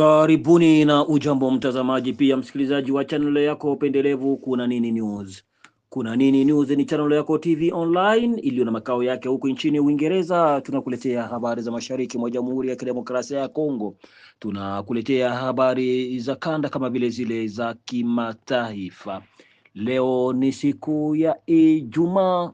Karibuni na ujambo mtazamaji, pia msikilizaji wa channel yako upendelevu Kuna Nini News. Kuna Nini News ni channel yako TV online iliyo na makao yake huku nchini Uingereza. Tunakuletea habari za mashariki mwa Jamhuri ya Kidemokrasia ya Kongo, tunakuletea habari za kanda kama vile zile za kimataifa. Leo ni siku ya Ijumaa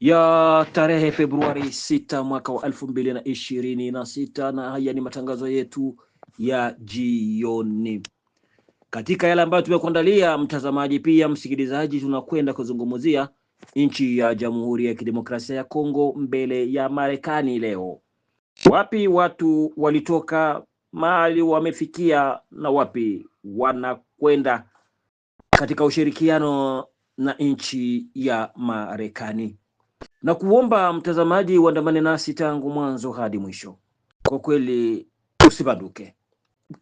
ya tarehe Februari 6 mwaka wa elfu mbili na ishirini na sita, na haya ni matangazo yetu ya jioni. Katika yale ambayo tumekuandalia mtazamaji, pia msikilizaji, tunakwenda kuzungumzia nchi ya Jamhuri ya Kidemokrasia ya Kongo mbele ya Marekani leo. Wapi watu walitoka, mahali wamefikia na wapi wanakwenda katika ushirikiano na nchi ya Marekani, na kuomba mtazamaji uandamane nasi tangu mwanzo hadi mwisho. Kwa kweli usibanduke.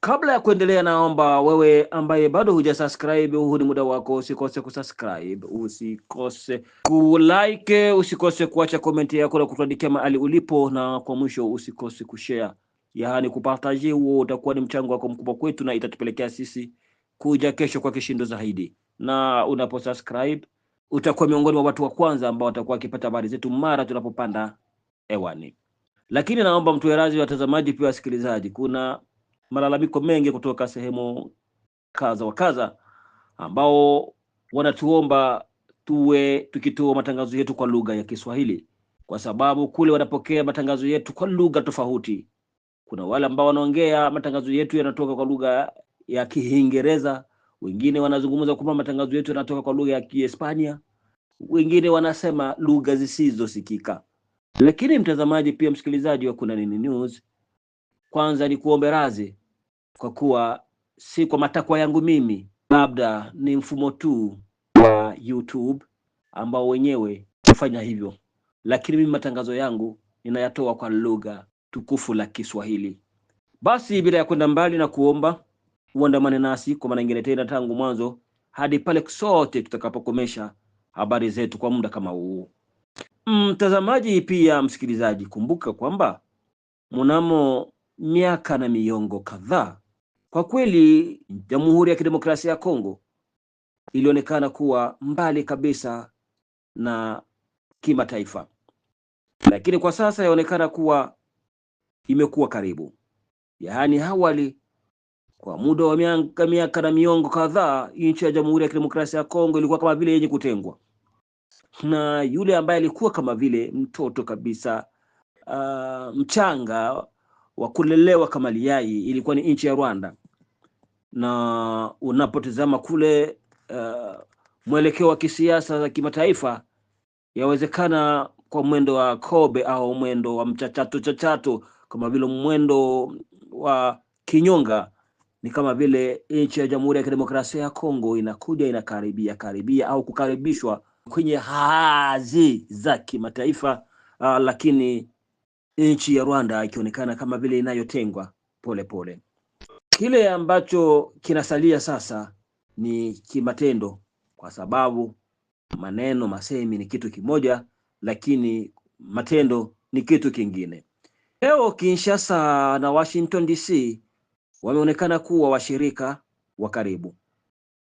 Kabla ya kuendelea, naomba wewe ambaye bado huja subscribe, huu ni muda wako, usikose kusubscribe, usikose kulike, usikose kuacha komenti yako na kutuandikia mahali ulipo, na kwa mwisho usikose kushare, yaani kupartaji. Huo utakuwa ni mchango wako mkubwa kwetu na itatupelekea sisi kuja kesho kwa kishindo zaidi, na unapo subscribe utakuwa miongoni mwa watu wa kwanza ambao watakuwa wakipata habari zetu mara tunapopanda hewani. Lakini naomba mtuwe radhi watazamaji pia wasikilizaji, kuna malalamiko mengi kutoka sehemu kadha wa kadha, ambao wanatuomba tuwe tukitoa matangazo yetu kwa lugha ya Kiswahili, kwa sababu kule wanapokea matangazo yetu kwa lugha tofauti. Kuna wale ambao wanaongea matangazo yetu yanatoka kwa lugha ya Kiingereza, wengine wanazungumza kwamba matangazo yetu yanatoka kwa lugha ya Kihispania, wengine wanasema lugha zisizosikika. Lakini mtazamaji, pia msikilizaji wa Kuna Nini News kwanza ni kuombe radhi kwa kuwa si kwa matakwa yangu mimi, labda ni mfumo tu wa YouTube ambao wenyewe kufanya hivyo, lakini mimi matangazo yangu ninayatoa kwa lugha tukufu la Kiswahili. Basi bila ya kwenda mbali na kuomba uandamane nasi kwa mara nyingine tena tangu mwanzo hadi pale sote tutakapokomesha habari zetu kwa muda kama huu. Mtazamaji pia msikilizaji, kumbuka kwamba mnamo miaka na miongo kadhaa. Kwa kweli, Jamhuri ya Kidemokrasia ya Kongo ilionekana kuwa mbali kabisa na kimataifa, lakini kwa sasa yaonekana kuwa imekuwa karibu. Yaani awali kwa muda wa miaka, miaka na miongo kadhaa nchi ya Jamhuri ya Kidemokrasia ya Kongo ilikuwa kama vile yenye kutengwa na yule ambaye alikuwa kama vile mtoto kabisa, uh, mchanga wa kulelewa kama liyai ilikuwa ni nchi ya Rwanda, na unapotizama kule uh, mwelekeo wa kisiasa za kimataifa, yawezekana kwa mwendo wa kobe au mwendo wa mchachato chachato, kama vile mwendo wa kinyonga, ni kama vile nchi ya Jamhuri ya Kidemokrasia ya Kongo inakuja inakaribia karibia au kukaribishwa kwenye haazi za kimataifa uh, lakini nchi ya Rwanda ikionekana kama vile inayotengwa polepole. Kile ambacho kinasalia sasa ni kimatendo, kwa sababu maneno masemi ni kitu kimoja, lakini matendo ni kitu kingine. Leo Kinshasa na Washington DC wameonekana kuwa washirika wa karibu.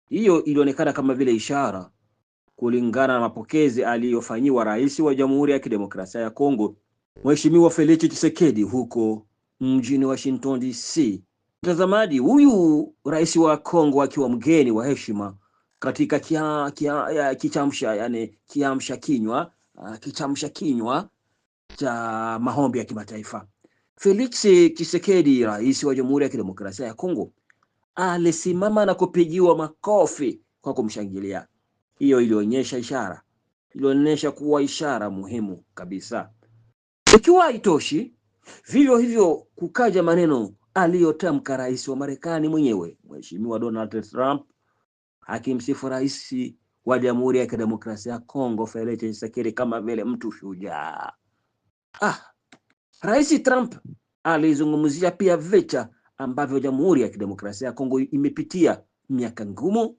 Hiyo ilionekana kama vile ishara, kulingana na mapokezi aliyofanyiwa rais wa Jamhuri ya Kidemokrasia ya Kongo Mheshimiwa Felix Tshisekedi huko mjini Washington DC. Mtazamaji, huyu rais wa Kongo akiwa mgeni wa heshima katika kia, kia, ya, kichamsha yani kiamsha kinywa uh, ah, kichamsha kinywa cha maombi ya kimataifa. Felix Tshisekedi, rais wa Jamhuri ya Kidemokrasia ya Kongo, alisimama na kupigiwa makofi kwa kumshangilia. Hiyo ilionyesha ishara, ilionyesha kuwa ishara muhimu kabisa. Ikiwa haitoshi, vivyo hivyo kukaja maneno aliyotamka rais wa Marekani mwenyewe Mheshimiwa Donald Trump akimsifu rais wa Jamhuri ya Kidemokrasia ya Kongo Felix Tshisekedi kama vile mtu shujaa. Ah, Rais Trump alizungumzia pia vita ambavyo Jamhuri ya Kidemokrasia ya Kongo imepitia miaka ngumu,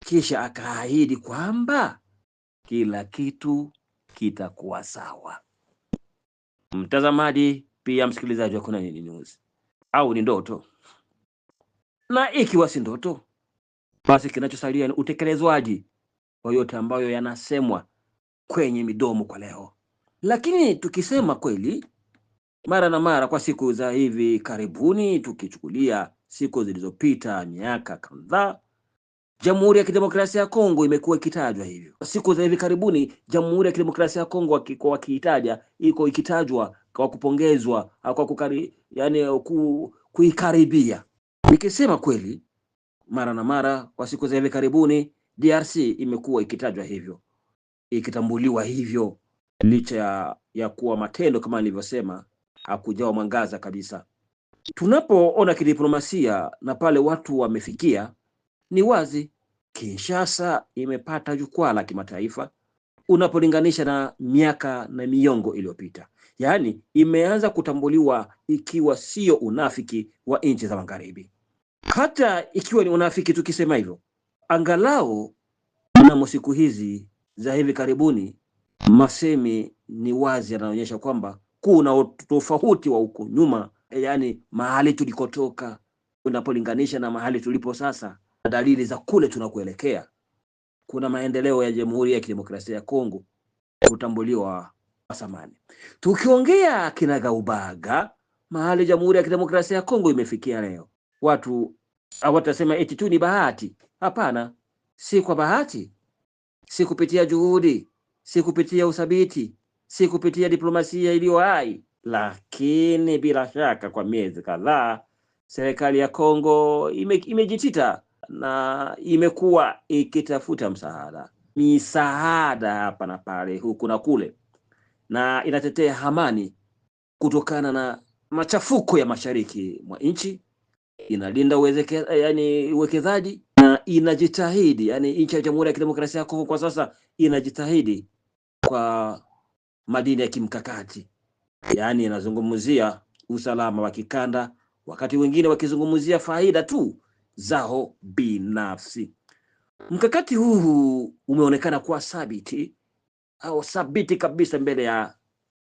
kisha akaahidi kwamba kila kitu kitakuwa sawa. Mtazamaji pia msikilizaji wa Kuna Nini News, au ni ndoto? Na ikiwa si ndoto, basi kinachosalia ni utekelezwaji wa yote ambayo yanasemwa kwenye midomo kwa leo. Lakini tukisema kweli, mara na mara kwa siku za hivi karibuni, tukichukulia siku zilizopita miaka kadhaa Jamhuri ya Kidemokrasia ya Kongo imekuwa ikitajwa hivyo siku za hivi karibuni. Jamhuri ya Kidemokrasia ya Kongo wakiitaja, iko ikitajwa kwa kupongezwa kwa kukari, yani ku, kuikaribia. Nikisema kweli, mara na mara kwa siku za hivi karibuni DRC imekuwa ikitajwa hivyo, ikitambuliwa hivyo, licha ya, ya kuwa matendo kama nilivyosema hakujawa mwangaza kabisa. Tunapoona kidiplomasia na pale watu wamefikia ni wazi Kinshasa imepata jukwaa la kimataifa unapolinganisha na miaka na miongo iliyopita, yaani imeanza kutambuliwa, ikiwa sio unafiki wa nchi za Magharibi. Hata ikiwa ni unafiki tukisema hivyo, angalau mnamo siku hizi za hivi karibuni, masemi ni wazi yanaonyesha kwamba kuna tofauti wa huko nyuma, yaani mahali tulikotoka unapolinganisha na mahali tulipo sasa na dalili za kule tunakuelekea. Kuna maendeleo ya Jamhuri ya Kidemokrasia ya Kongo kutambuliwa kwa samani Tukiongea kinagaubaga mahali Jamhuri ya Kidemokrasia ya Kongo imefikia leo, watu hawatasema eti tu ni bahati. Hapana, si kwa bahati, si kupitia juhudi, si kupitia uthabiti, si kupitia diplomasia iliyo hai, lakini bila shaka kwa miezi kadhaa serikali ya Kongo imejitita ime na imekuwa ikitafuta msaada, misaada hapa na pale, huku na kule, na inatetea amani kutokana na machafuko ya mashariki mwa nchi, inalinda yani uwekezaji na inajitahidi yani, nchi ya Jamhuri ya Kidemokrasia ya Kongo kwa sasa inajitahidi kwa madini ya kimkakati, yaani inazungumzia usalama wa kikanda, wakati wengine wakizungumzia faida tu zao binafsi. Mkakati huu umeonekana kuwa thabiti au thabiti kabisa mbele ya,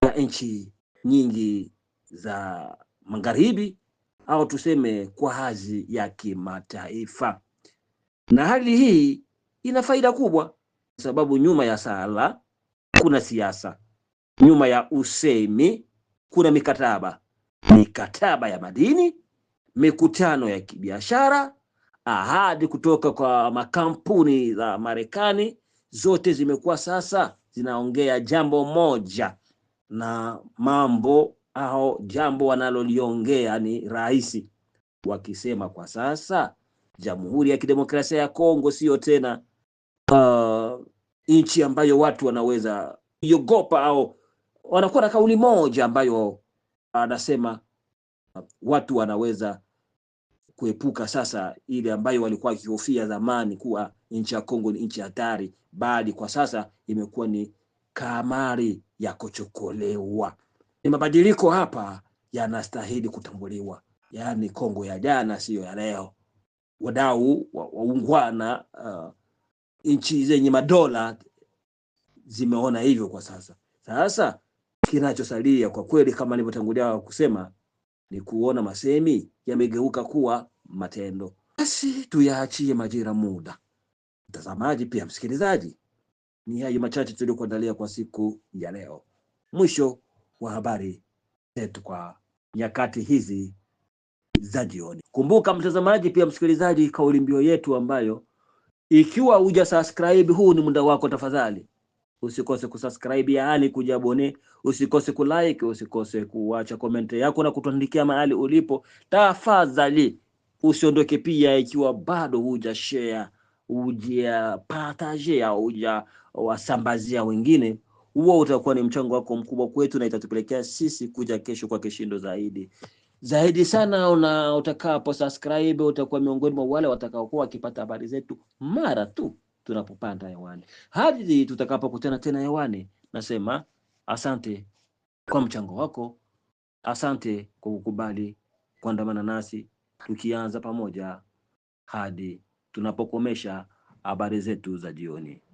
ya nchi nyingi za magharibi au tuseme kwa hadhi ya kimataifa, na hali hii ina faida kubwa, sababu nyuma ya sala kuna siasa, nyuma ya usemi kuna mikataba, mikataba ya madini, mikutano ya kibiashara ahadi kutoka kwa makampuni za Marekani zote zimekuwa sasa zinaongea jambo moja, na mambo au jambo wanaloliongea ni rais, wakisema kwa sasa Jamhuri ya Kidemokrasia ya Kongo siyo tena uh, nchi ambayo watu wanaweza kuiogopa au wanakuwa na kauli moja ambayo anasema watu wanaweza kuepuka sasa ile ambayo walikuwa wakihofia zamani kuwa nchi ya Kongo ni nchi hatari, bali kwa sasa imekuwa ni kamari ya kuchokolewa. Ni mabadiliko hapa yanastahili kutambuliwa, yaani Kongo ya jana siyo ya leo. Wadau waungwana, uh, nchi zenye madola zimeona hivyo kwa sasa. Sasa kinachosalia kwa kweli, kama nilivyotangulia kusema, ni kuona masemi yamegeuka kuwa matendo. Basi tuyaachie majira muda. Mtazamaji pia msikilizaji, ni hayo machache tuliyokuandalia kwa siku ya leo. Mwisho wa habari zetu kwa nyakati hizi za jioni. Kumbuka mtazamaji pia msikilizaji, kauli mbiu yetu ambayo ikiwa uja subscribe, huu ni muda wako tafadhali Usikose kusubscribe, yaani kujabone, usikose kulike, usikose kuacha comment yako na kutuandikia mahali ulipo. Tafadhali usiondoke pia, ikiwa bado huja share, huja partage au huja wasambazia wengine, huo utakuwa ni mchango wako mkubwa kwetu na itatupelekea sisi kuja kesho kwa kishindo zaidi zaidi sana. Una utakapo subscribe utakuwa miongoni mwa wale watakaokuwa wakipata habari zetu mara tu tunapopanda hewani. Hadi tutakapokutana tena hewani, nasema asante kwa mchango wako, asante kwa kukubali kuandamana nasi, tukianza pamoja hadi tunapokomesha habari zetu za jioni.